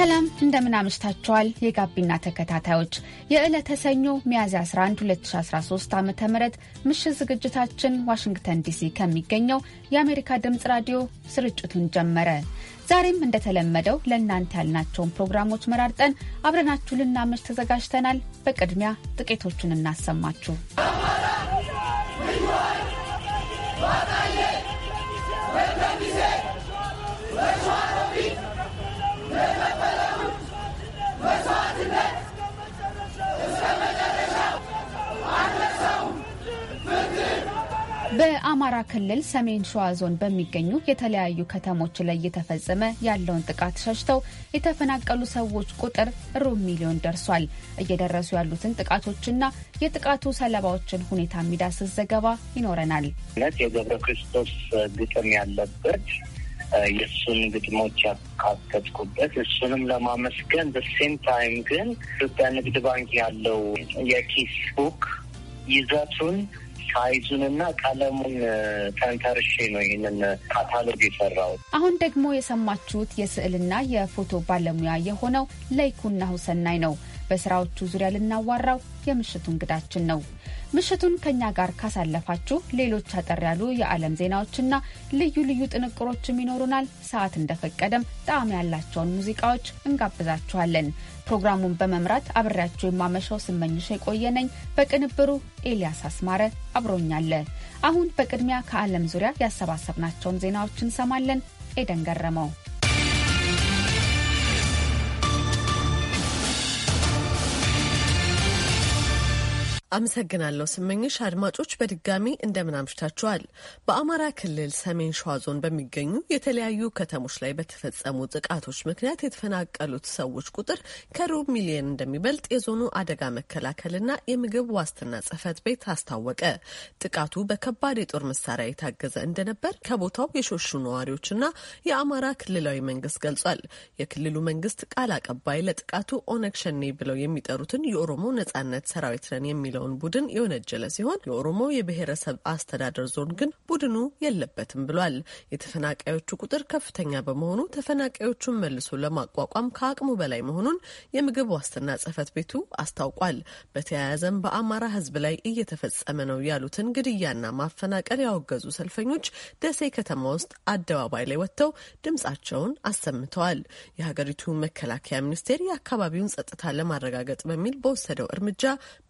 ሰላም እንደምን አምሽታችኋል። የጋቢና ተከታታዮች የዕለተ ሰኞ ሚያዝያ 11 2013 ዓ ም ምሽት ዝግጅታችን ዋሽንግተን ዲሲ ከሚገኘው የአሜሪካ ድምፅ ራዲዮ ስርጭቱን ጀመረ። ዛሬም እንደተለመደው ለእናንተ ያልናቸውን ፕሮግራሞች መራርጠን አብረናችሁ ልናምሽ ተዘጋጅተናል። በቅድሚያ ጥቂቶቹን እናሰማችሁ። ክልል ሰሜን ሸዋ ዞን በሚገኙ የተለያዩ ከተሞች ላይ እየተፈጸመ ያለውን ጥቃት ሸሽተው የተፈናቀሉ ሰዎች ቁጥር ሩብ ሚሊዮን ደርሷል። እየደረሱ ያሉትን ጥቃቶችና የጥቃቱ ሰለባዎችን ሁኔታ የሚዳስስ ዘገባ ይኖረናል። ነት የገብረ ክርስቶስ ግጥም ያለበት የእሱን ግጥሞች ያካተትኩበት እሱንም ለማመስገን በሴም ታይም ግን ኢትዮጵያ ንግድ ባንክ ያለው የኪስ ቡክ ይዘቱን ሳይዙንና ቀለሙን ተንተርሼ ነው ይህንን ካታሎግ የሰራው። አሁን ደግሞ የሰማችሁት የስዕልና የፎቶ ባለሙያ የሆነው ለይኩና ሁሰናይ ነው። በስራዎቹ ዙሪያ ልናዋራው የምሽቱ እንግዳችን ነው። ምሽቱን ከእኛ ጋር ካሳለፋችሁ ሌሎች አጠር ያሉ የዓለም ዜናዎችና ልዩ ልዩ ጥንቅሮችም ይኖሩናል። ሰዓት እንደፈቀደም ጣዕም ያላቸውን ሙዚቃዎች እንጋብዛችኋለን። ፕሮግራሙን በመምራት አብሬያችሁ የማመሻው ስመኝሽ የቆየ ነኝ። በቅንብሩ ኤልያስ አስማረ አብሮኛለ። አሁን በቅድሚያ ከዓለም ዙሪያ ያሰባሰብናቸውን ዜናዎች እንሰማለን። ኤደን ገረመው አመሰግናለሁ ስመኝሽ። አድማጮች በድጋሚ እንደምን አምሽታችኋል። በአማራ ክልል ሰሜን ሸዋ ዞን በሚገኙ የተለያዩ ከተሞች ላይ በተፈጸሙ ጥቃቶች ምክንያት የተፈናቀሉት ሰዎች ቁጥር ከሩብ ሚሊዮን እንደሚበልጥ የዞኑ አደጋ መከላከልና የምግብ ዋስትና ጽሕፈት ቤት አስታወቀ። ጥቃቱ በከባድ የጦር መሳሪያ የታገዘ እንደነበር ከቦታው የሾሹ ነዋሪዎችና የአማራ ክልላዊ መንግስት ገልጿል። የክልሉ መንግስት ቃል አቀባይ ለጥቃቱ ኦነግ ሸኔ ብለው የሚጠሩትን የኦሮሞ ነጻነት ሰራዊት ነን የሚለው የሚለውን ቡድን የወነጀለ ሲሆን የኦሮሞ የብሔረሰብ አስተዳደር ዞን ግን ቡድኑ የለበትም ብሏል። የተፈናቃዮቹ ቁጥር ከፍተኛ በመሆኑ ተፈናቃዮቹን መልሶ ለማቋቋም ከአቅሙ በላይ መሆኑን የምግብ ዋስትና ጽህፈት ቤቱ አስታውቋል። በተያያዘም በአማራ ሕዝብ ላይ እየተፈጸመ ነው ያሉትን ግድያና ማፈናቀል ያወገዙ ሰልፈኞች ደሴ ከተማ ውስጥ አደባባይ ላይ ወጥተው ድምጻቸውን አሰምተዋል። የሀገሪቱ መከላከያ ሚኒስቴር የአካባቢውን ጸጥታ ለማረጋገጥ በሚል በወሰደው እርምጃ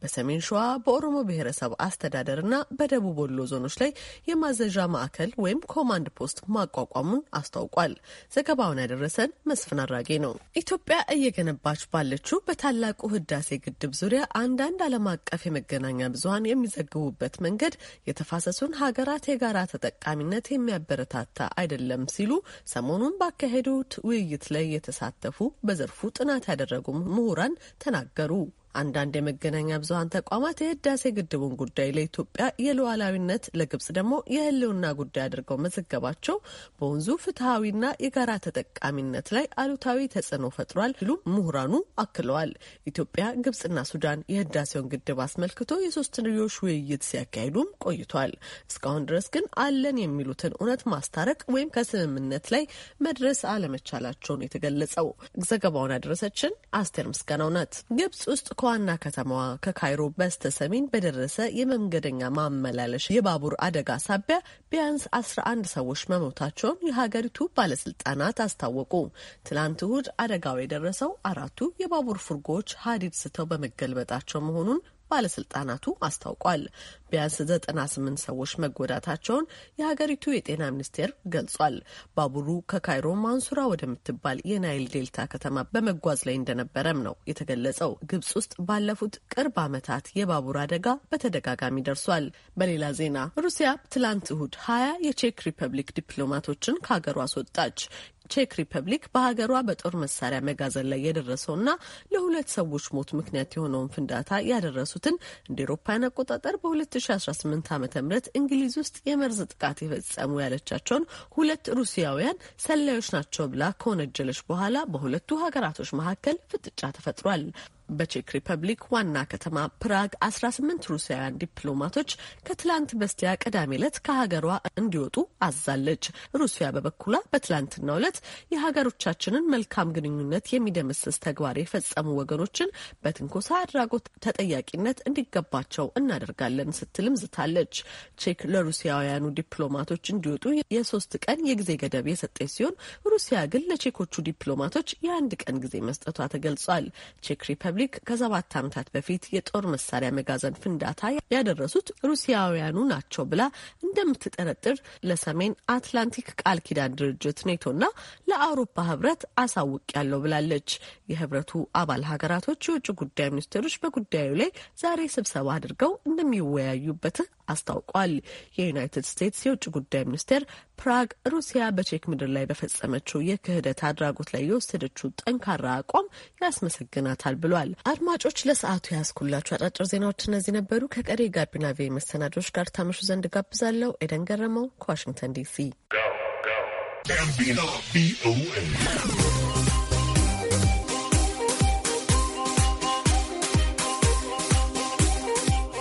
በሰሜን ሸዋ ድሬዳዋ፣ በኦሮሞ ብሔረሰብ አስተዳደርና በደቡብ ወሎ ዞኖች ላይ የማዘዣ ማዕከል ወይም ኮማንድ ፖስት ማቋቋሙን አስታውቋል። ዘገባውን ያደረሰን መስፍን አራጌ ነው። ኢትዮጵያ እየገነባች ባለችው በታላቁ ህዳሴ ግድብ ዙሪያ አንዳንድ ዓለም አቀፍ የመገናኛ ብዙሀን የሚዘግቡበት መንገድ የተፋሰሱን ሀገራት የጋራ ተጠቃሚነት የሚያበረታታ አይደለም ሲሉ ሰሞኑን ባካሄዱት ውይይት ላይ የተሳተፉ በዘርፉ ጥናት ያደረጉ ምሁራን ተናገሩ። አንዳንድ የመገናኛ ብዙሀን ተቋማት የህዳሴ ግድቡን ጉዳይ ለኢትዮጵያ የሉዓላዊነት ለግብጽ ደግሞ የህልውና ጉዳይ አድርገው መዘገባቸው በወንዙ ፍትሐዊና የጋራ ተጠቃሚነት ላይ አሉታዊ ተጽዕኖ ፈጥሯል ሲሉ ምሁራኑ አክለዋል። ኢትዮጵያ፣ ግብጽና ሱዳን የህዳሴውን ግድብ አስመልክቶ የሶስትዮሽ ውይይት ሲያካሂዱም ቆይቷል። እስካሁን ድረስ ግን አለን የሚሉትን እውነት ማስታረቅ ወይም ከስምምነት ላይ መድረስ አለመቻላቸውን የተገለጸው ዘገባውን ያደረሰችን አስቴር ምስጋናው ናት። ግብጽ ውስጥ ከዋና ከተማዋ ከካይሮ በስተ ሰሜን በደረሰ የመንገደኛ ማመላለሻ የባቡር አደጋ ሳቢያ ቢያንስ 11 ሰዎች መሞታቸውን የሀገሪቱ ባለስልጣናት አስታወቁ። ትናንት እሁድ አደጋው የደረሰው አራቱ የባቡር ፉርጎዎች ሀዲድ ስተው በመገልበጣቸው መሆኑን ባለስልጣናቱ አስታውቋል። ቢያንስ 98 ሰዎች መጎዳታቸውን የሀገሪቱ የጤና ሚኒስቴር ገልጿል። ባቡሩ ከካይሮ ማንሱራ ወደምትባል የናይል ዴልታ ከተማ በመጓዝ ላይ እንደነበረም ነው የተገለጸው። ግብጽ ውስጥ ባለፉት ቅርብ ዓመታት የባቡር አደጋ በተደጋጋሚ ደርሷል። በሌላ ዜና ሩሲያ ትላንት እሁድ ሀያ የቼክ ሪፐብሊክ ዲፕሎማቶችን ከሀገሯ አስወጣች። ቼክ ሪፐብሊክ በሀገሯ በጦር መሳሪያ መጋዘን ላይ የደረሰውና ለሁለት ሰዎች ሞት ምክንያት የሆነውን ፍንዳታ ያደረሱትን እንደ ኤሮፓያን አቆጣጠር በሁለት 2018 ዓ ም እንግሊዝ ውስጥ የመርዝ ጥቃት የፈጸሙ ያለቻቸውን ሁለት ሩሲያውያን ሰላዮች ናቸው ብላ ከወነጀለች በኋላ በሁለቱ ሀገራቶች መካከል ፍጥጫ ተፈጥሯል። በቼክ ሪፐብሊክ ዋና ከተማ ፕራግ 18 ሩሲያውያን ዲፕሎማቶች ከትላንት በስቲያ ቅዳሜ ዕለት ከሀገሯ እንዲወጡ አዛለች። ሩሲያ በበኩሏ በትላንትናው ዕለት የሀገሮቻችንን መልካም ግንኙነት የሚደመስስ ተግባር የፈጸሙ ወገኖችን በትንኮሳ አድራጎት ተጠያቂነት እንዲገባቸው እናደርጋለን ስትልም ዝታለች። ቼክ ለሩሲያውያኑ ዲፕሎማቶች እንዲወጡ የሶስት ቀን የጊዜ ገደብ የሰጠች ሲሆን ሩሲያ ግን ለቼኮቹ ዲፕሎማቶች የአንድ ቀን ጊዜ መስጠቷ ተገልጿል። ቼክ ሪፐብሊክ ሪፐብሊክ ከሰባት ዓመታት በፊት የጦር መሳሪያ መጋዘን ፍንዳታ ያደረሱት ሩሲያውያኑ ናቸው ብላ እንደምትጠረጥር ለሰሜን አትላንቲክ ቃል ኪዳን ድርጅት ኔቶና ለአውሮፓ ህብረት አሳውቅ ያለው ብላለች። የህብረቱ አባል ሀገራቶች የውጭ ጉዳይ ሚኒስቴሮች በጉዳዩ ላይ ዛሬ ስብሰባ አድርገው እንደሚወያዩበት አስታውቋል። የዩናይትድ ስቴትስ የውጭ ጉዳይ ሚኒስቴር ፕራግ ሩሲያ በቼክ ምድር ላይ በፈጸመችው የክህደት አድራጎት ላይ የወሰደችው ጠንካራ አቋም ያስመሰግናታል ብሏል። አመሰግናለሁ። አድማጮች ለሰዓቱ ያስኩላቸው አጫጭር ዜናዎች እነዚህ ነበሩ። ከቀሪ ጋቢና ቪ መሰናዶች ጋር ታመሹ ዘንድ ጋብዛለሁ። ኤደን ገረመው ከዋሽንግተን ዲሲ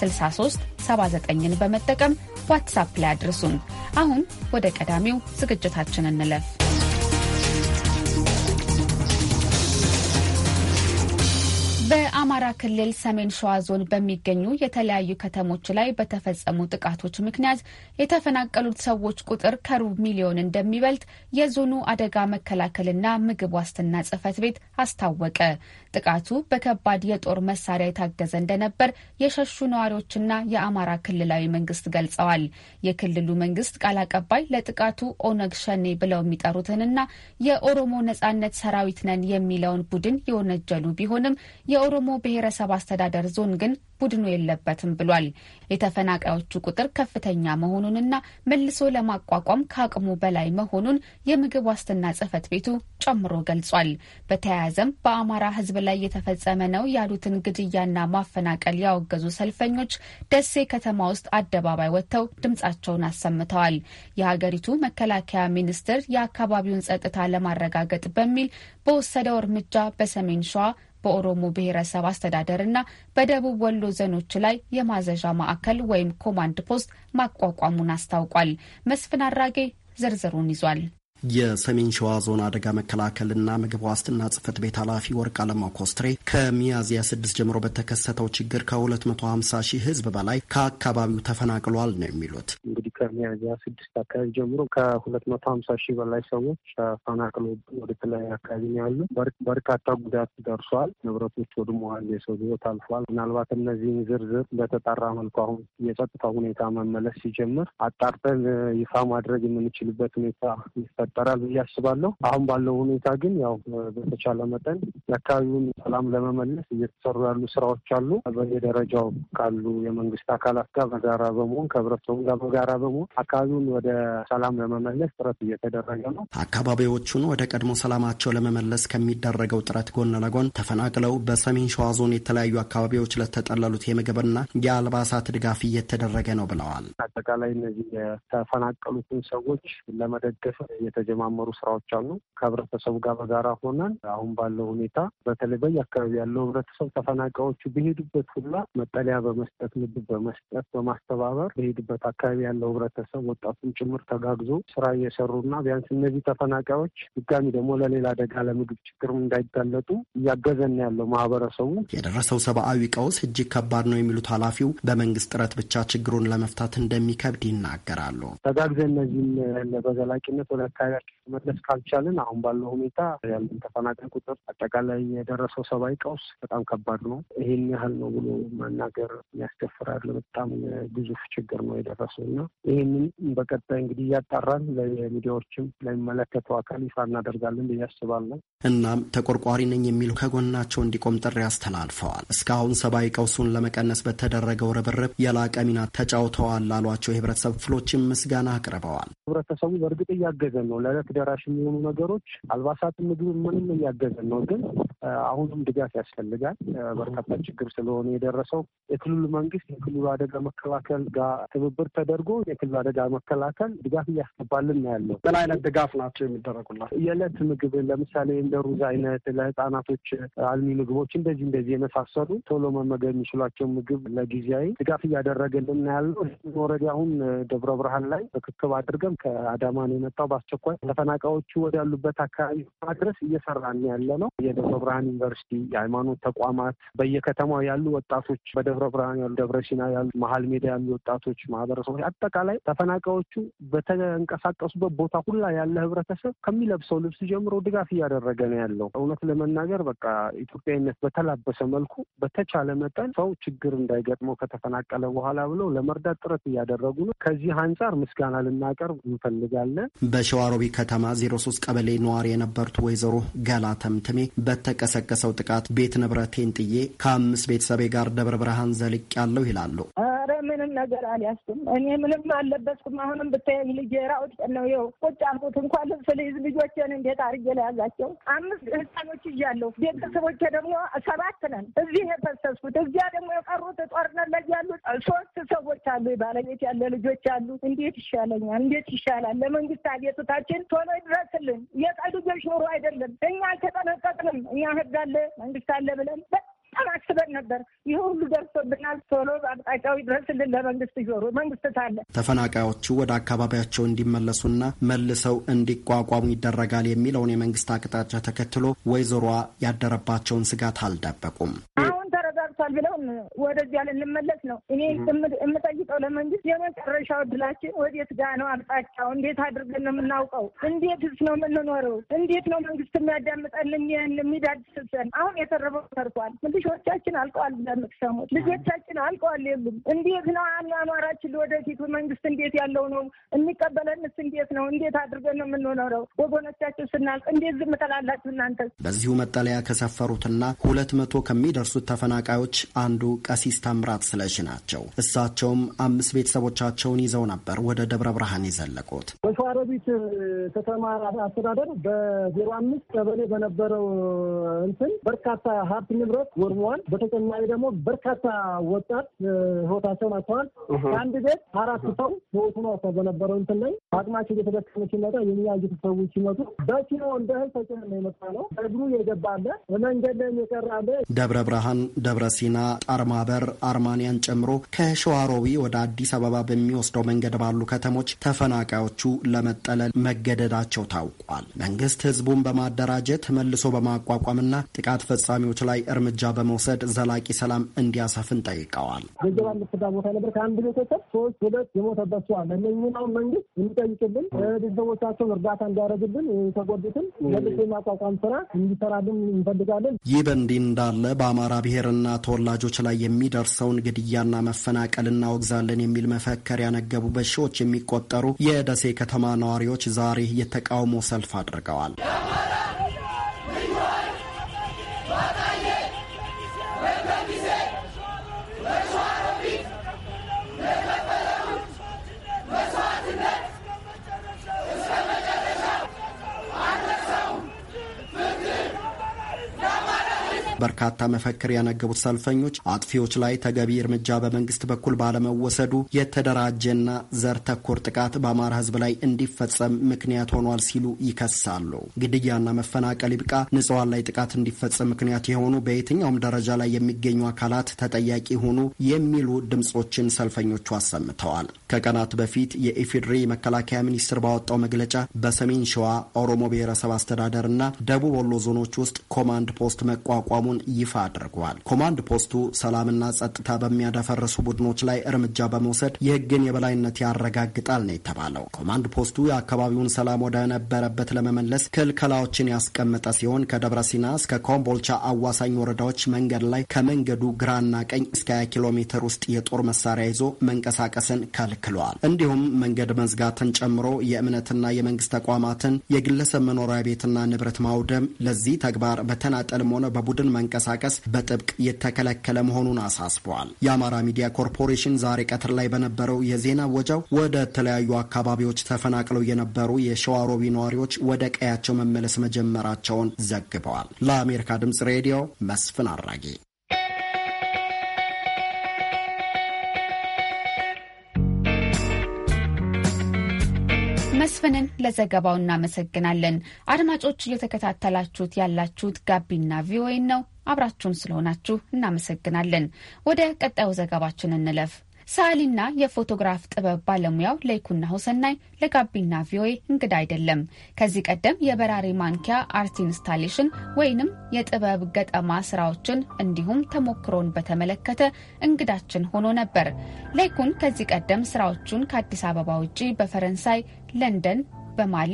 63 79ን በመጠቀም ዋትሳፕ ላይ አድርሱን። አሁን ወደ ቀዳሚው ዝግጅታችን እንለፍ። በአማራ ክልል ሰሜን ሸዋ ዞን በሚገኙ የተለያዩ ከተሞች ላይ በተፈጸሙ ጥቃቶች ምክንያት የተፈናቀሉት ሰዎች ቁጥር ከሩብ ሚሊዮን እንደሚበልጥ የዞኑ አደጋ መከላከልና ምግብ ዋስትና ጽሕፈት ቤት አስታወቀ። ጥቃቱ በከባድ የጦር መሳሪያ የታገዘ እንደነበር የሸሹ ነዋሪዎችና የአማራ ክልላዊ መንግስት ገልጸዋል። የክልሉ መንግስት ቃል አቀባይ ለጥቃቱ ኦነግ ሸኔ ብለው የሚጠሩትንና የኦሮሞ ነጻነት ሰራዊት ነን የሚለውን ቡድን የወነጀሉ ቢሆንም የኦሮሞ ብሔረሰብ አስተዳደር ዞን ግን ቡድኑ የለበትም ብሏል። የተፈናቃዮቹ ቁጥር ከፍተኛ መሆኑንና መልሶ ለማቋቋም ከአቅሙ በላይ መሆኑን የምግብ ዋስትና ጽህፈት ቤቱ ጨምሮ ገልጿል። በተያያዘም በአማራ ሕዝብ ላይ የተፈጸመ ነው ያሉትን ግድያና ማፈናቀል ያወገዙ ሰልፈኞች ደሴ ከተማ ውስጥ አደባባይ ወጥተው ድምጻቸውን አሰምተዋል። የሀገሪቱ መከላከያ ሚኒስቴር የአካባቢውን ጸጥታ ለማረጋገጥ በሚል በወሰደው እርምጃ በሰሜን ሸዋ በኦሮሞ ብሔረሰብ አስተዳደርና በደቡብ ወሎ ዘኖች ላይ የማዘዣ ማዕከል ወይም ኮማንድ ፖስት ማቋቋሙን አስታውቋል። መስፍን አራጌ ዝርዝሩን ይዟል። የሰሜን ሸዋ ዞን አደጋ መከላከልና ምግብ ዋስትና ጽህፈት ቤት ኃላፊ ወርቅ አለማ ኮስትሬ ከሚያዝያ ስድስት ጀምሮ በተከሰተው ችግር ከ250 ሺህ ህዝብ በላይ ከአካባቢው ተፈናቅሏል ነው የሚሉት። እንግዲህ ከሚያዝያ ስድስት አካባቢ ጀምሮ ከ250 ሺህ በላይ ሰዎች ተፈናቅሎ ወደ ተለያዩ አካባቢ ነው ያሉ። በርካታ ጉዳት ደርሷል። ንብረቶች ወድመዋል። የሰው ህይወት አልፏል። ምናልባት እነዚህን ዝርዝር በተጣራ መልኩ አሁን የጸጥታ ሁኔታ መመለስ ሲጀምር አጣርተን ይፋ ማድረግ የምንችልበት ሁኔታ ይፈ ይፈጠራል ብዬ አስባለሁ። አሁን ባለው ሁኔታ ግን ያው በተቻለ መጠን የአካባቢውን ሰላም ለመመለስ እየተሰሩ ያሉ ስራዎች አሉ። በየደረጃው ካሉ የመንግስት አካላት ጋር በጋራ በመሆን ከህብረተሰቡ ጋር በጋራ በመሆን አካባቢውን ወደ ሰላም ለመመለስ ጥረት እየተደረገ ነው። አካባቢዎቹን ወደ ቀድሞ ሰላማቸው ለመመለስ ከሚደረገው ጥረት ጎን ለጎን ተፈናቅለው በሰሜን ሸዋ ዞን የተለያዩ አካባቢዎች ለተጠለሉት የምግብና የአልባሳት ድጋፍ እየተደረገ ነው ብለዋል። አጠቃላይ እነዚህ የተፈናቀሉትን ሰዎች ለመደገፍ የተጀማመሩ ስራዎች አሉ። ከህብረተሰቡ ጋር በጋራ ሆነን አሁን ባለው ሁኔታ በተለይ በየአካባቢ ያለው ህብረተሰብ ተፈናቃዮቹ በሄዱበት ሁላ መጠለያ በመስጠት ምግብ በመስጠት በማስተባበር በሄዱበት አካባቢ ያለው ህብረተሰብ ወጣቱን ጭምር ተጋግዞ ስራ እየሰሩና ቢያንስ እነዚህ ተፈናቃዮች ድጋሚ ደግሞ ለሌላ አደጋ ለምግብ ችግርም እንዳይጋለጡ እያገዘን ያለው ማህበረሰቡ። የደረሰው ሰብአዊ ቀውስ እጅግ ከባድ ነው የሚሉት ኃላፊው በመንግስት ጥረት ብቻ ችግሩን ለመፍታት እንደሚከብድ ይናገራሉ። ተጋግዘ እነዚህም በዘላቂነት ወደ አካባቢያቸው መድረስ ካልቻልን አሁን ባለው ሁኔታ ያለን ተፈናቃይ ቁጥር አጠቃላይ የደረሰው ሰብአዊ ቀውስ በጣም ከባድ ነው። ይህን ያህል ነው ብሎ መናገር ያስደፍራል። በጣም ግዙፍ ችግር ነው የደረሰው እና ይህንን በቀጣይ እንግዲህ እያጣራን ለሚዲያዎችም ለሚመለከተው አካል ይፋ እናደርጋለን ብዬ አስባለሁ። እናም ተቆርቋሪ ነኝ የሚሉ ከጎናቸው እንዲቆም ጥሪ አስተላልፈዋል። እስካሁን ሰብአዊ ቀውሱን ለመቀነስ በተደረገው ርብርብ የላቀ ሚና ተጫውተዋል ላሏቸው የህብረተሰብ ክፍሎችም ምስጋና አቅርበዋል። ህብረተሰቡ በእርግጥ እያገዘ ነው ነው። ለዕለት ደራሽ የሚሆኑ ነገሮች አልባሳት፣ ምግብ፣ ምንም እያገዘን ነው። ግን አሁንም ድጋፍ ያስፈልጋል። በርካታ ችግር ስለሆነ የደረሰው የክልሉ መንግስት የክልሉ አደጋ መከላከል ጋር ትብብር ተደርጎ የክልሉ አደጋ መከላከል ድጋፍ እያስገባልን ነው ያለው። ምን አይነት ድጋፍ ናቸው የሚደረጉላት? የዕለት ምግብ ለምሳሌ እንደ ሩዝ አይነት ለህፃናቶች አልሚ ምግቦች እንደዚህ እንደዚህ የመሳሰሉ ቶሎ መመገብ የሚችሏቸው ምግብ ለጊዜያዊ ድጋፍ እያደረገልን ያለው። ወረዲ አሁን ደብረ ብርሃን ላይ ርክክብ አድርገን ከአዳማ ነው የመጣው በአስቸኳይ በማቋቋም ተፈናቃዮቹ ወዳሉበት አካባቢ ማድረስ እየሰራን ያለ ነው። የደብረ ብርሃን ዩኒቨርሲቲ፣ የሃይማኖት ተቋማት፣ በየከተማው ያሉ ወጣቶች፣ በደብረ ብርሃን ያሉ፣ ደብረ ሲና ያሉ፣ መሀል ሜዳ ያሉ ወጣቶች ማህበረሰቦች፣ አጠቃላይ ተፈናቃዮቹ በተንቀሳቀሱበት ቦታ ሁላ ያለ ህብረተሰብ ከሚለብሰው ልብስ ጀምሮ ድጋፍ እያደረገ ነው ያለው። እውነት ለመናገር በቃ ኢትዮጵያዊነት በተላበሰ መልኩ በተቻለ መጠን ሰው ችግር እንዳይገጥመው ከተፈናቀለ በኋላ ብለው ለመርዳት ጥረት እያደረጉ ነው። ከዚህ አንጻር ምስጋና ልናቀርብ እንፈልጋለን። በሸዋ የሮቢ ከተማ 03 ቀበሌ ነዋሪ የነበሩት ወይዘሮ ገላ ተምትሜ በተቀሰቀሰው ጥቃት ቤት ንብረቴን ጥዬ ከአምስት ቤተሰቤ ጋር ደብረ ብርሃን ዘልቅ ያለው ይላሉ። ኧረ ምንም ነገር አልያዝኩም እኔ ምንም አልለበስኩም። አሁንም ብታየኝ ልጄ ራቁት ነው ይኸው ቁጭ አልኩት። እንኳን ልብስ ልይዝ ልጆችን እንዴት አድርጌ ለያዛቸው አምስት ህፃኖች እያለሁ ቤተሰቦቼ ደግሞ ሰባት ነን። እዚህ የፈሰስኩት እዚያ ደግሞ የቀሩት ጦርነት ላይ ያሉት ሶስት ሰዎች አሉ። ባለቤት ያለ ልጆች አሉ። እንዴት ይሻለኛል? እንዴት ይሻላል? ለመንግስት አቤቱታችን ቶሎ ይድረስልን። የቀዱ ኑሮ አይደለም። እኛ አልተጠነቀቅንም። እኛ ህግ አለ መንግስት አለ ብለን በጣም አስበን ነበር። ይህ ሁሉ ደርሶብናል። ቶሎ አቅጣጫው ድረስልን ለመንግስት ጆሮ። መንግስት ታለ ተፈናቃዮቹ ወደ አካባቢያቸው እንዲመለሱና መልሰው እንዲቋቋሙ ይደረጋል የሚለውን የመንግስት አቅጣጫ ተከትሎ ወይዘሮዋ ያደረባቸውን ስጋት አልደበቁም። ደርሷል ብለው ወደዚያ ልንመለስ ነው። እኔ የምጠይቀው ለመንግስት የመጨረሻው እድላችን ወዴት ጋ ነው? አቅጣጫው እንዴት አድርገን ነው የምናውቀው? እንዴትስ ነው የምንኖረው? እንዴት ነው መንግስት የሚያዳምጠን የሚዳድስሰን? አሁን የተረፈው ተርፏል። ልጆቻችን አልቀዋል ለምትሰሙት ልጆቻችን አልቀዋል የሉም። እንዴት ነው አኗኗራችን ለወደፊቱ? መንግስት እንዴት ያለው ነው የሚቀበለንስ? እንዴት ነው እንዴት አድርገን ነው የምንኖረው? ወገኖቻችን ስናልቅ እንዴት ዝም ትላላችሁ እናንተ? በዚሁ መጠለያ ከሰፈሩትና ሁለት መቶ ከሚደርሱት ተፈናቃዮች ሰዎች አንዱ ቀሲስ ታምራት ስለሽ ናቸው። እሳቸውም አምስት ቤተሰቦቻቸውን ይዘው ነበር ወደ ደብረ ብርሃን የዘለቁት። በሸዋሮቢት ከተማ አስተዳደር በዜሮ አምስት ቀበሌ በነበረው እንትን በርካታ ሀብት ንብረት ወድመዋል። በተጨማሪ ደግሞ በርካታ ወጣት ህይወታቸውን አጥተዋል። ከአንድ ቤት አራት ሰው ህይወቱን አጥተው በነበረው እንትን ላይ አቅማቸው እየተደከመ ሲመጣ የኛ ሰዎች ሲመጡ በኪሎ እንደ እህል ተጭነን ነው የመጣ ነው። እግሩ መንገድ ላይ ደብረ ብርሃን ደብረ ሲ ሺና ጣርማበር አርማንያን ጨምሮ ከሸዋሮቢ ወደ አዲስ አበባ በሚወስደው መንገድ ባሉ ከተሞች ተፈናቃዮቹ ለመጠለል መገደዳቸው ታውቋል። መንግስት ህዝቡን በማደራጀት መልሶ በማቋቋምና ጥቃት ፈጻሚዎች ላይ እርምጃ በመውሰድ ዘላቂ ሰላም እንዲያሰፍን ጠይቀዋል። ገጀባ የምትባል ቦታ ነበር። ከአንድ ቤተሰብ ሶስት ሁለት የሞተባቸው አለ። እነዚህን አሁን መንግስት የሚጠይቅልን ቤተሰቦቻቸውን እርዳታ እንዲያደርግልን የተጎዱትን መልሶ የማቋቋም ስራ እንዲሰራልን እንፈልጋለን። ይህ በእንዲህ እንዳለ በአማራ ብሔርና ተወላጆች ላይ የሚደርሰውን ግድያና መፈናቀል እናወግዛለን የሚል መፈክር ያነገቡ በሺዎች የሚቆጠሩ የደሴ ከተማ ነዋሪዎች ዛሬ የተቃውሞ ሰልፍ አድርገዋል። በርካታ መፈክር ያነገቡት ሰልፈኞች አጥፊዎች ላይ ተገቢ እርምጃ በመንግስት በኩል ባለመወሰዱ የተደራጀና ዘር ተኮር ጥቃት በአማራ ህዝብ ላይ እንዲፈጸም ምክንያት ሆኗል ሲሉ ይከሳሉ። ግድያና መፈናቀል ይብቃ፣ ንጹሐን ላይ ጥቃት እንዲፈጸም ምክንያት የሆኑ በየትኛውም ደረጃ ላይ የሚገኙ አካላት ተጠያቂ ሆኑ የሚሉ ድምጾችን ሰልፈኞቹ አሰምተዋል። ከቀናት በፊት የኢፌዴሪ መከላከያ ሚኒስቴር ባወጣው መግለጫ በሰሜን ሸዋ ኦሮሞ ብሔረሰብ አስተዳደርና ደቡብ ወሎ ዞኖች ውስጥ ኮማንድ ፖስት መቋቋሙ መሆኑን ይፋ አድርጓል። ኮማንድ ፖስቱ ሰላምና ጸጥታ በሚያደፈርሱ ቡድኖች ላይ እርምጃ በመውሰድ የህግን የበላይነት ያረጋግጣል ነው የተባለው። ኮማንድ ፖስቱ የአካባቢውን ሰላም ወደ ነበረበት ለመመለስ ክልከላዎችን ያስቀመጠ ሲሆን ከደብረ ሲና እስከ ኮምቦልቻ አዋሳኝ ወረዳዎች መንገድ ላይ ከመንገዱ ግራና ቀኝ እስከ 20 ኪሎ ሜትር ውስጥ የጦር መሳሪያ ይዞ መንቀሳቀስን ከልክሏል። እንዲሁም መንገድ መዝጋትን ጨምሮ የእምነትና የመንግስት ተቋማትን፣ የግለሰብ መኖሪያ ቤትና ንብረት ማውደም፣ ለዚህ ተግባር በተናጠልም ሆነ በቡድን መንቀሳቀስ በጥብቅ የተከለከለ መሆኑን አሳስበዋል። የአማራ ሚዲያ ኮርፖሬሽን ዛሬ ቀትር ላይ በነበረው የዜና ወጃው ወደ ተለያዩ አካባቢዎች ተፈናቅለው የነበሩ የሸዋሮቢ ነዋሪዎች ወደ ቀያቸው መመለስ መጀመራቸውን ዘግበዋል። ለአሜሪካ ድምጽ ሬዲዮ መስፍን አራጌ። መስፍንን ለዘገባው እናመሰግናለን። አድማጮች እየተከታተላችሁት ያላችሁት ጋቢና ቪኦኤ ነው። አብራችሁን ስለሆናችሁ እናመሰግናለን። ወደ ቀጣዩ ዘገባችን እንለፍ። ሰዓሊና የፎቶግራፍ ጥበብ ባለሙያው ለይኩና ሆሰናይ ለጋቢና ቪኦኤ እንግዳ አይደለም። ከዚህ ቀደም የበራሪ ማንኪያ አርት ኢንስታሌሽን ወይንም የጥበብ ገጠማ ስራዎችን እንዲሁም ተሞክሮን በተመለከተ እንግዳችን ሆኖ ነበር። ለይኩን ከዚህ ቀደም ስራዎቹን ከአዲስ አበባ ውጪ በፈረንሳይ፣ ለንደን፣ በማሊ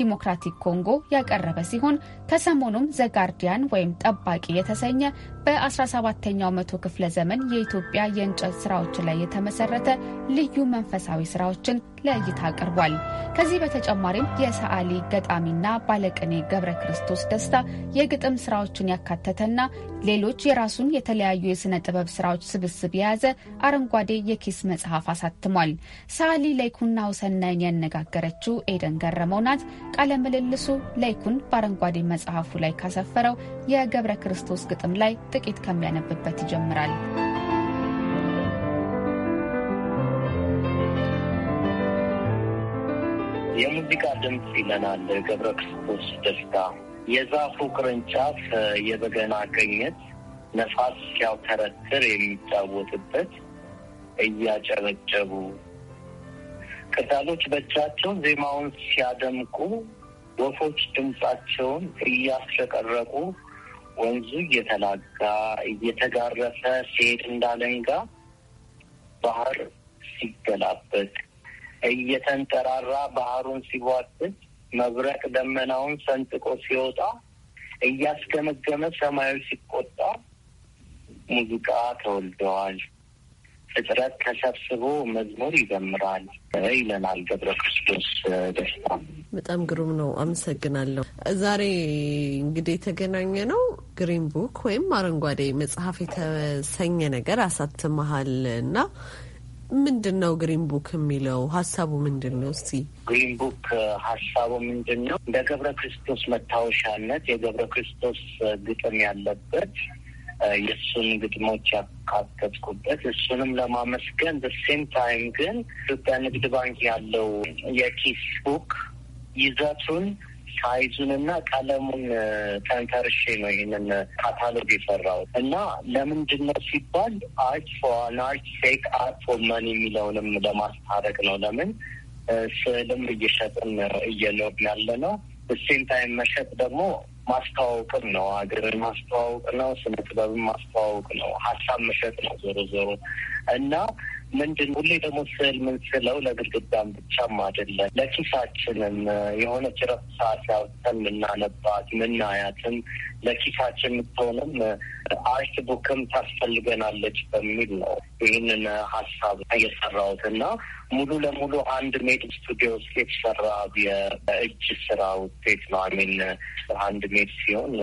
ዲሞክራቲክ ኮንጎ ያቀረበ ሲሆን ከሰሞኑም ዘጋርዲያን ወይም ጠባቂ የተሰኘ በ17ኛው መቶ ክፍለ ዘመን የኢትዮጵያ የእንጨት ስራዎች ላይ የተመሰረተ ልዩ መንፈሳዊ ስራዎችን ለእይታ አቅርቧል። ከዚህ በተጨማሪም የሰዓሊ ገጣሚና ባለቅኔ ገብረ ክርስቶስ ደስታ የግጥም ስራዎችን ያካተተና ሌሎች የራሱን የተለያዩ የሥነ ጥበብ ስራዎች ስብስብ የያዘ አረንጓዴ የኪስ መጽሐፍ አሳትሟል። ሰዓሊ ለይኩና ውሰናይን ያነጋገረችው ኤደን ገረመው ናት። ቃለ ምልልሱ ለይኩን በአረንጓዴ መጽሐፉ ላይ ካሰፈረው የገብረ ክርስቶስ ግጥም ላይ ጥቂት ከሚያነብበት ይጀምራል። የሙዚቃ ድምፅ ይለናል ገብረ ክርስቶስ ደስታ። የዛፉ ቅርንጫፍ የበገና ቅኝት ነፋስ ሲያውተረትር የሚጫወትበት እያጨበጨቡ ቅጠሎች በእጃቸው ዜማውን ሲያደምቁ ወፎች ድምፃቸውን እያስረቀረቁ ወንዙ እየተላጋ እየተጋረፈ ሴት እንዳለንጋ ባህር ሲገላበት እየተንጠራራ ባህሩን ሲቧጥጥ መብረቅ ደመናውን ሰንጥቆ ሲወጣ እያስገመገመ ሰማዩ ሲቆጣ ሙዚቃ ተወልደዋል። እጥረት ተሰብስቦ መዝሙር ይዘምራል ይለናል ገብረ ክርስቶስ ደስታ። በጣም ግሩም ነው። አመሰግናለሁ። ዛሬ እንግዲህ የተገናኘ ነው ግሪን ቡክ ወይም አረንጓዴ መጽሐፍ የተሰኘ ነገር አሳትመሃል እና ምንድን ነው ግሪን ቡክ የሚለው ሀሳቡ ምንድን ነው? እስቲ ግሪን ቡክ ሀሳቡ ምንድን ነው? እንደ ገብረ ክርስቶስ መታወሻነት የገብረ ክርስቶስ ግጥም ያለበት የእሱን ግጥሞች ያካተትኩበት እሱንም ለማመስገን በሴም ታይም ግን ኢትዮጵያ ንግድ ባንክ ያለው የኪስ ቡክ ይዘቱን ሳይዙንና ቀለሙን ተንተርሼ ነው ይህንን ካታሎግ የሰራው እና ለምንድን ነው ሲባል አርት ፎር አርት ሴክ አርት የሚለውንም ለማስታረቅ ነው። ለምን ስዕልም እየሸጥን እየኖርን ያለ ነው። በሴም ታይም መሸጥ ደግሞ ማስተዋወቅን ነው፣ ሀገርን ማስተዋወቅ ነው፣ ስነ ጥበብን ማስተዋወቅ ነው፣ ሀሳብ መሸጥ ነው ዞሮ ዞሮ እና ምንድን ሁሌ ደግሞ ስዕል ምንስለው ለግድግዳም ብቻም አይደለም፣ ለኪሳችንም የሆነች ረፍት ሰዓት ያውተን ምናነባት ምናያትም ለኪሳችን የምትሆንም አርት ቡክም ታስፈልገናለች በሚል ነው ይህንን ሀሳብ የሰራሁት እና ሙሉ ለሙሉ አንድ ሜድ ስቱዲዮ ውስጥ የተሰራ የእጅ ስራ ውጤት ነው። አሚን አንድ ሜድ ሲሆን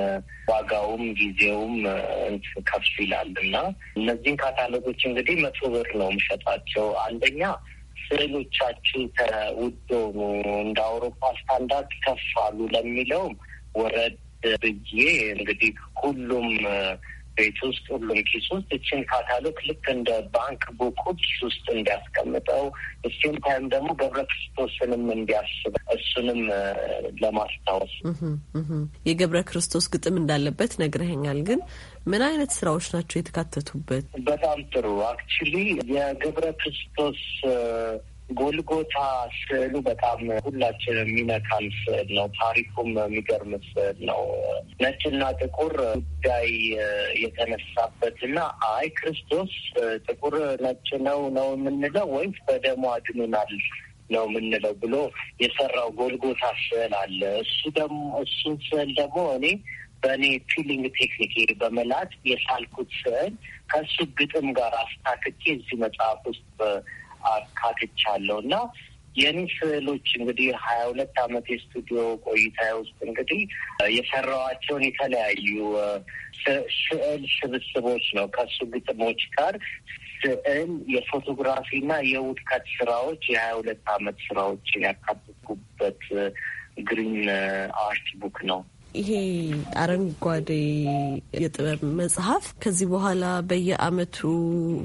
ዋጋውም ጊዜውም ከፍ ይላል እና እነዚህን ካታሎጎች እንግዲህ መቶ ብር ነው የምሸጣቸው። አንደኛ ስዕሎቻችን ተውዶ እንደ አውሮፓ ስታንዳርድ ከፍ አሉ ለሚለውም ወረድ ብዬ እንግዲህ ሁሉም ቤት ውስጥ ሁሉም ኪስ ውስጥ እችን ካታሎግ ልክ እንደ ባንክ ቡኩ ኪስ ውስጥ እንዲያስቀምጠው እሴም ታይም ደግሞ ገብረ ክርስቶስንም እንዲያስብ እሱንም ለማስታወስ የገብረ ክርስቶስ ግጥም እንዳለበት ነግረኸኛል። ግን ምን አይነት ስራዎች ናቸው የተካተቱበት? በጣም ጥሩ አክቹሊ የገብረ ክርስቶስ ጎልጎታ ስዕሉ በጣም ሁላችን የሚነካን ስዕል ነው። ታሪኩም የሚገርም ስዕል ነው። ነጭና ጥቁር ጉዳይ የተነሳበት እና አይ ክርስቶስ ጥቁር ነጭ ነው ነው የምንለው ወይስ በደሞ አድኑናል ነው የምንለው ብሎ የሰራው ጎልጎታ ስዕል አለ። እሱ ደግሞ እሱን ስዕል ደግሞ እኔ በእኔ ፊሊንግ ቴክኒክ በመላት የሳልኩት ስዕል ከእሱ ግጥም ጋር አስታክኬ እዚህ መጽሐፍ ውስጥ አካትቻለሁ እና የኔ ስዕሎች እንግዲህ ሀያ ሁለት አመት የስቱዲዮ ቆይታ ውስጥ እንግዲህ የሰራዋቸውን የተለያዩ ስዕል ስብስቦች ነው። ከሱ ግጥሞች ጋር ስዕል፣ የፎቶግራፊና የውድቀት ስራዎች የሀያ ሁለት አመት ስራዎችን ያካትትኩበት ግሪን አርት ቡክ ነው። ይሄ አረንጓዴ የጥበብ መጽሐፍ ከዚህ በኋላ በየአመቱ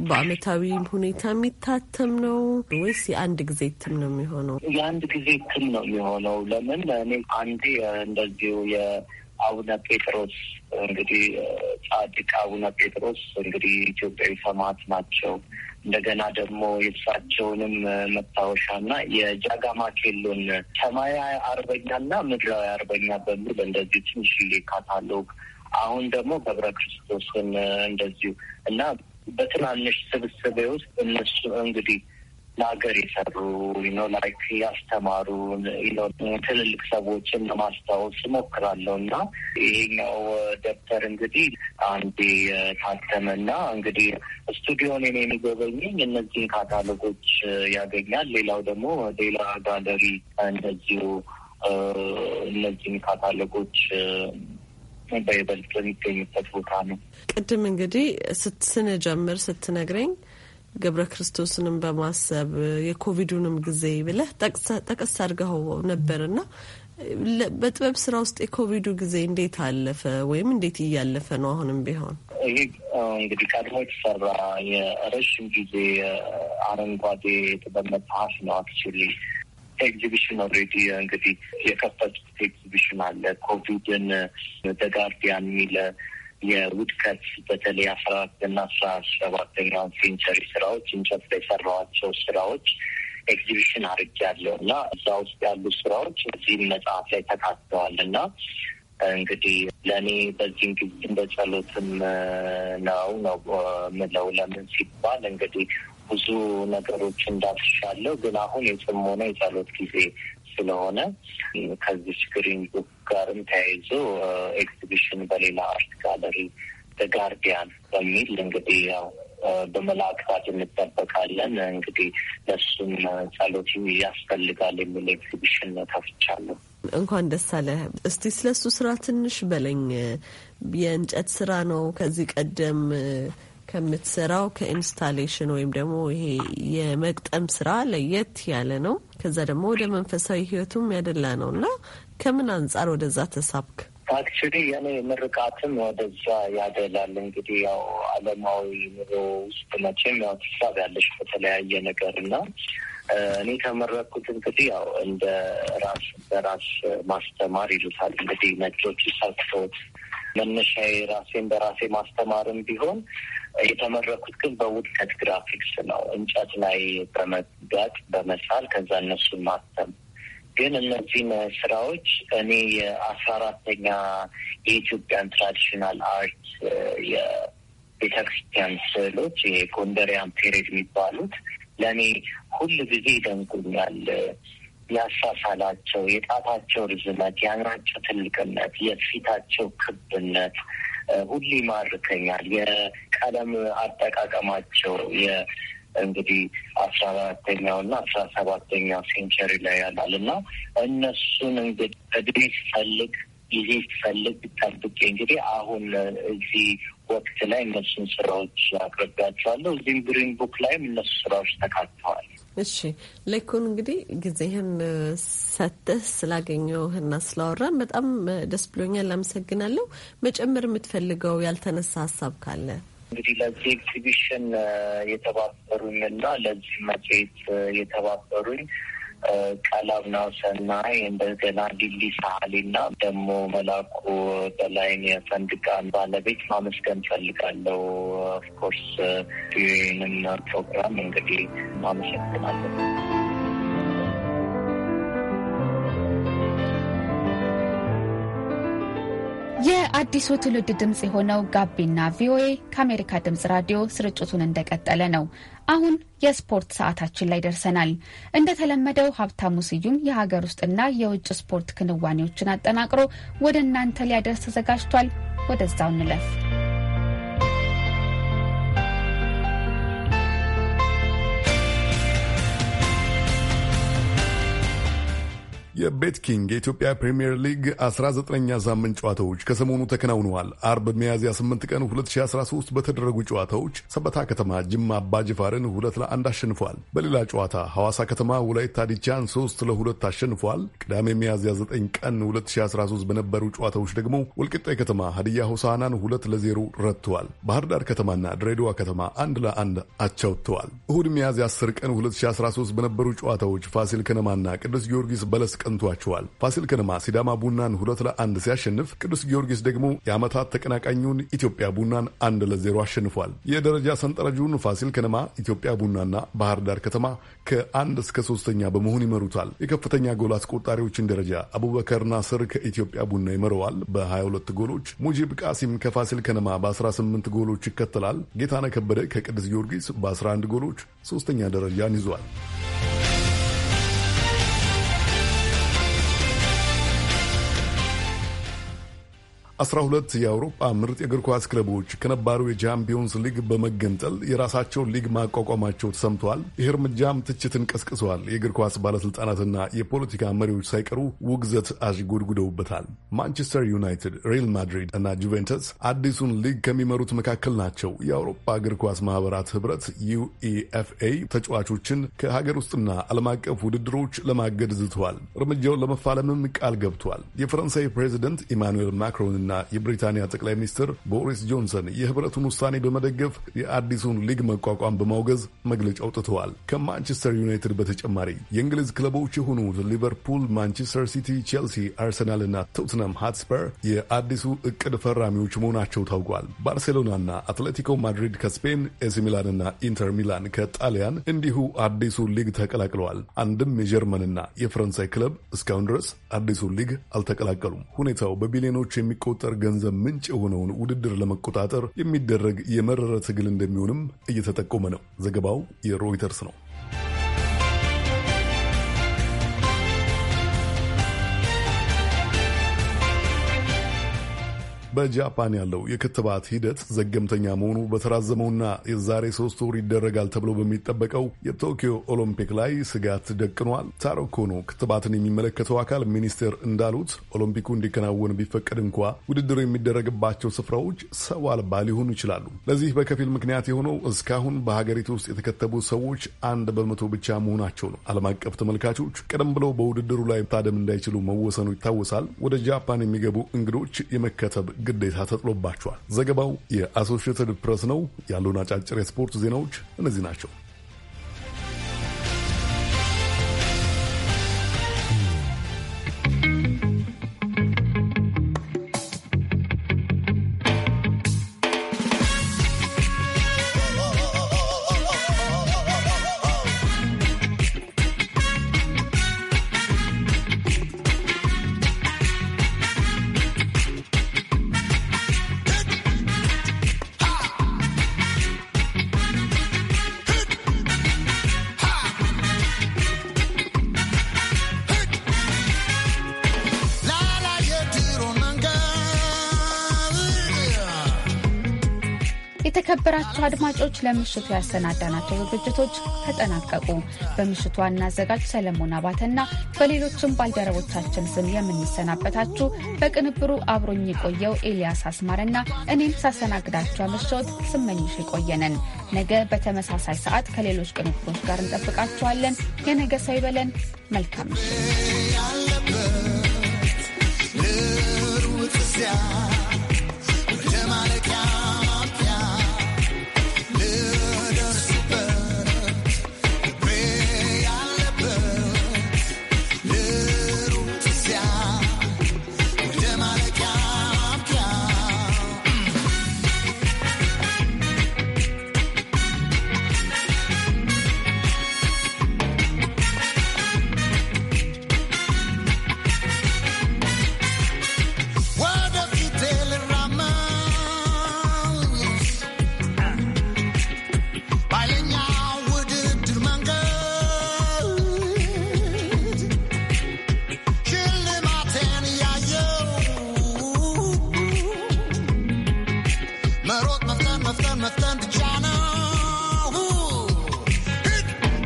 በአመታዊ ሁኔታ የሚታተም ነው ወይስ የአንድ ጊዜ እትም ነው የሚሆነው? የአንድ ጊዜ እትም ነው የሚሆነው። ለምን እኔ አንዴ እንደዚሁ አቡነ ጴጥሮስ እንግዲህ ጻድቅ አቡነ ጴጥሮስ እንግዲህ ኢትዮጵያዊ ሰማዕት ናቸው። እንደገና ደግሞ የእሳቸውንም መታወሻና የጃጋማ ኬሎን ሰማያዊ አርበኛና ምድራዊ አርበኛ በሚል እንደዚህ ትንሽ ካታሎግ አሁን ደግሞ ገብረ ክርስቶስን እንደዚሁ እና በትናንሽ ስብስቤ ውስጥ እነሱ እንግዲህ ለሀገር የሰሩ ነው ላይክ ያስተማሩ ትልልቅ ሰዎችን ለማስታወስ እሞክራለሁ እና ይሄኛው ደብተር እንግዲህ አንዴ የታተመና እንግዲህ ስቱዲዮን ኔ የሚጎበኝኝ እነዚህን ካታሎጎች ያገኛል። ሌላው ደግሞ ሌላ ጋለሪ እንደዚሁ እነዚህን ካታሎጎች በይበልጥ የሚገኝበት ቦታ ነው። ቅድም እንግዲህ ስንጀምር ስትነግረኝ ገብረ ክርስቶስንም በማሰብ የኮቪዱንም ጊዜ ብለህ ጠቀስ አድርገው ነበር ነበርና በጥበብ ስራ ውስጥ የኮቪዱ ጊዜ እንዴት አለፈ ወይም እንዴት እያለፈ ነው? አሁንም ቢሆን ይህ እንግዲህ ቀድሞ የተሰራ የረዥም ጊዜ አረንጓዴ ጥበብ መጽሐፍ ነው። አክቹዋሊ ኤግዚቢሽን ኦልሬዲ እንግዲህ የከፈቱት ኤግዚቢሽን አለ ኮቪድን ደጋርዲያን የሚለ የውድቀት በተለይ አስራ አራትና አስራ ሰባተኛውን ሴንቸሪ ስራዎች እንጨት ላይ የሰራኋቸው ስራዎች ኤግዚቢሽን አድርጌያለሁ እና እዛ ውስጥ ያሉ ስራዎች እዚህም መጽሐፍ ላይ ተካተዋል እና እንግዲህ ለእኔ በዚህም ጊዜ እንደ ጸሎትም ነው ነው ምለው። ለምን ሲባል እንግዲህ ብዙ ነገሮች እንዳትሻለው ግን አሁን የጽሞና የጸሎት ጊዜ ስለሆነ ከዚህ ስክሪን ቡክ ጋርም ተያይዞ ኤግዚቢሽን በሌላ አርት ጋለሪ ጋርዲያን በሚል እንግዲህ ያው በመላእክታት እንጠበቃለን እንግዲህ ለሱም ጸሎት ያስፈልጋል የሚል ኤግዚቢሽን ከፍቻለሁ። እንኳን ደስ እስቲ ስለ እሱ ስራ ትንሽ በለኝ። የእንጨት ስራ ነው። ከዚህ ቀደም ከምትሰራው ከኢንስታሌሽን ወይም ደግሞ ይሄ የመቅጠም ስራ ለየት ያለ ነው። ከዛ ደግሞ ወደ መንፈሳዊ ህይወቱም ያደላ ነው እና ከምን አንጻር ወደዛ ተሳብክ? አክቹሊ የኔ ምርቃትም ወደዛ ያደላል። እንግዲህ ያው አለማዊ ኑሮ ውስጥ መቼም ያው ትሳብ ያለሽ በተለያየ ነገር እና እኔ ከመረኩት እንግዲህ ያው እንደ ራስ በራስ ማስተማር ይሉታል እንግዲህ ነጮቹ ሰጥቶት መነሻዬ ራሴን በራሴ ማስተማርም ቢሆን የተመረኩት ግን በውድቀት ግራፊክስ ነው። እንጨት ላይ በመጋጥ በመሳል ከዛ እነሱን ማተም ግን እነዚህን ስራዎች እኔ የአስራ አራተኛ የኢትዮጵያን ትራዲሽናል አርት የቤተክርስቲያን ስዕሎች የጎንደሪያን ፔሬድ የሚባሉት ለእኔ ሁል ጊዜ ይደንቁኛል። ያሳሳላቸው፣ የጣታቸው ርዝመት፣ የአይናቸው ትልቅነት፣ የፊታቸው ክብነት ሁሉ ይማርከኛል። የቀለም አጠቃቀማቸው እንግዲህ አስራ አራተኛው እና አስራ ሰባተኛው ሴንቸሪ ላይ ያላል እና እነሱን እንግዲህ እድሜ ሲፈልግ ጊዜ ሲፈልግ ጠብቄ እንግዲህ አሁን እዚህ ወቅት ላይ እነሱን ስራዎች አቅርቢያቸዋለሁ። እዚህም ግሪን ቡክ ላይም እነሱ ስራዎች ተካተዋል። እሺ ልኩን እንግዲህ ጊዜህን ሰጥተህ ስላገኘሁህና ስላወራን በጣም ደስ ብሎኛል። አመሰግናለሁ። መጨመር የምትፈልገው ያልተነሳ ሀሳብ ካለ እንግዲህ ለዚህ ኤግዚቢሽን የተባበሩኝ እና ለዚህ መጽሔት የተባበሩኝ ቀለምና ሰናይ እንደገና ዲሊ ሳሀሊና ደግሞ መላኩ በላይን የፈንድቃን ባለቤት ማመስገን ፈልጋለው። ኦፍኮርስ ይህንን ፕሮግራም እንግዲህ ማመሰግናለን። የአዲሱ ትውልድ ድምፅ የሆነው ጋቢና ቪኦኤ ከአሜሪካ ድምፅ ራዲዮ ስርጭቱን እንደቀጠለ ነው። አሁን የስፖርት ሰዓታችን ላይ ደርሰናል። እንደተለመደው ሀብታሙ ስዩም የሀገር ውስጥና የውጭ ስፖርት ክንዋኔዎችን አጠናቅሮ ወደ እናንተ ሊያደርስ ተዘጋጅቷል። ወደዛው እንለፍ። የቤት ኪንግ የኢትዮጵያ ፕሪምየር ሊግ 19ኛ ሳምንት ጨዋታዎች ከሰሞኑ ተከናውነዋል። አርብ ሚያዝያ 8 ቀን 2013 በተደረጉ ጨዋታዎች ሰበታ ከተማ ጅማ አባጅፋርን ሁለት ለአንድ አሸንፏል። በሌላ ጨዋታ ሐዋሳ ከተማ ወላይታ ዲቻን ሶስት ለሁለት አሸንፏል። ቅዳሜ ሚያዝያ 9 ቀን 2013 በነበሩ ጨዋታዎች ደግሞ ወልቅጤ ከተማ ሀዲያ ሆሳናን ሁለት ለዜሮ ረትተዋል። ባህር ዳር ከተማና ድሬዳዋ ከተማ አንድ ለአንድ አቻውተዋል። እሁድ ሚያዝያ 10 ቀን 2013 በነበሩ ጨዋታዎች ፋሲል ከነማና ቅዱስ ጊዮርጊስ በለስ ቀን አቅንቷቸዋል። ፋሲል ከነማ ሲዳማ ቡናን ሁለት ለአንድ ሲያሸንፍ፣ ቅዱስ ጊዮርጊስ ደግሞ የዓመታት ተቀናቃኙን ኢትዮጵያ ቡናን አንድ ለዜሮ አሸንፏል። የደረጃ ሰንጠረጁን ፋሲል ከነማ፣ ኢትዮጵያ ቡናና ባህር ዳር ከተማ ከአንድ እስከ ሶስተኛ በመሆን ይመሩታል። የከፍተኛ ጎል አስቆጣሪዎችን ደረጃ አቡበከር ናስር ከኢትዮጵያ ቡና ይመረዋል በ22 ጎሎች፣ ሙጂብ ቃሲም ከፋሲል ከነማ በ18 ጎሎች ይከተላል። ጌታነህ ከበደ ከቅዱስ ጊዮርጊስ በ11 ጎሎች ሶስተኛ ደረጃን ይዟል። አስራ ሁለት የአውሮፓ ምርጥ የእግር ኳስ ክለቦች ከነባሩ የቻምፒዮንስ ሊግ በመገንጠል የራሳቸውን ሊግ ማቋቋማቸው ተሰምተዋል። ይህ እርምጃም ትችትን ቀስቅሰዋል። የእግር ኳስ ባለሥልጣናትና የፖለቲካ መሪዎች ሳይቀሩ ውግዘት አዥጎድጉደውበታል። ማንቸስተር ዩናይትድ፣ ሪል ማድሪድ እና ጁቬንተስ አዲሱን ሊግ ከሚመሩት መካከል ናቸው። የአውሮፓ እግር ኳስ ማህበራት ህብረት ዩኢኤፍኤ ተጫዋቾችን ከሀገር ውስጥና ዓለም አቀፍ ውድድሮች ለማገድ ዝተዋል። እርምጃውን ለመፋለምም ቃል ገብቷል። የፈረንሳይ ፕሬዚደንት ኢማኑኤል ማክሮንና እና የብሪታንያ ጠቅላይ ሚኒስትር ቦሪስ ጆንሰን የህብረቱን ውሳኔ በመደገፍ የአዲሱን ሊግ መቋቋም በማውገዝ መግለጫ አውጥተዋል። ከማንቸስተር ዩናይትድ በተጨማሪ የእንግሊዝ ክለቦች የሆኑት ሊቨርፑል፣ ማንቸስተር ሲቲ፣ ቼልሲ፣ አርሰናል እና ቶትናም ሃትስፐር የአዲሱ እቅድ ፈራሚዎች መሆናቸው ታውቋል። ባርሴሎናና አትሌቲኮ ማድሪድ ከስፔን፣ ኤሲ ሚላንና ኢንተር ሚላን ከጣሊያን እንዲሁ አዲሱ ሊግ ተቀላቅለዋል። አንድም የጀርመንና የፈረንሳይ ክለብ እስካሁን ድረስ አዲሱ ሊግ አልተቀላቀሉም። ሁኔታው በቢሊዮኖች የሚቆጠ የሚቆጠር ገንዘብ ምንጭ የሆነውን ውድድር ለመቆጣጠር የሚደረግ የመረረ ትግል እንደሚሆንም እየተጠቆመ ነው። ዘገባው የሮይተርስ ነው። በጃፓን ያለው የክትባት ሂደት ዘገምተኛ መሆኑ በተራዘመውና የዛሬ ሶስት ወር ይደረጋል ተብሎ በሚጠበቀው የቶኪዮ ኦሎምፒክ ላይ ስጋት ደቅኗል። ታሮ ክትባትን የሚመለከተው አካል ሚኒስቴር እንዳሉት ኦሎምፒኩ እንዲከናወን ቢፈቀድ እንኳ ውድድሩ የሚደረግባቸው ስፍራዎች ሰው አልባ ሊሆኑ ይችላሉ። ለዚህ በከፊል ምክንያት የሆነው እስካሁን በሀገሪቱ ውስጥ የተከተቡ ሰዎች አንድ በመቶ ብቻ መሆናቸው ነው። ዓለም አቀፍ ተመልካቾች ቀደም ብለው በውድድሩ ላይ ታደም እንዳይችሉ መወሰኑ ይታወሳል። ወደ ጃፓን የሚገቡ እንግዶች የመከተብ ግዴታ ተጥሎባቸዋል። ዘገባው የአሶሺየትድ ፕሬስ ነው። ያሉን አጫጭር የስፖርት ዜናዎች እነዚህ ናቸው። አድማጮች ለምሽቱ ያሰናዳናቸው ዝግጅቶች ተጠናቀቁ። በምሽቱ ዋና አዘጋጅ ሰለሞን አባተና በሌሎችም ባልደረቦቻችን ስም የምንሰናበታችሁ በቅንብሩ አብሮኝ የቆየው ኤልያስ አስማርና እኔም ሳሰናግዳችሁ ምሽት ስመኝሽ የቆየነን ነገ በተመሳሳይ ሰዓት ከሌሎች ቅንብሮች ጋር እንጠብቃችኋለን። የነገ ሰው ይበለን። መልካም ምሽት።